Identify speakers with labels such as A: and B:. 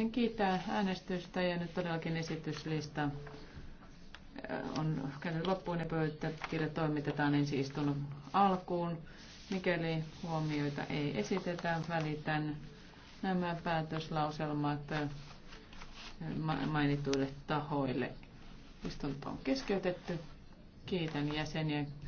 A: Sen kiittää äänestystä ja nyt todellakin esityslista äh, on käynyt loppuun ja pöytäkirja toimitetaan ensi istunnon alkuun. Mikäli huomioita ei esitetä, välitän nämä päätöslauselmat äh, mainituille tahoille. Istunto on keskeytetty.
B: Kiitän jäseniä.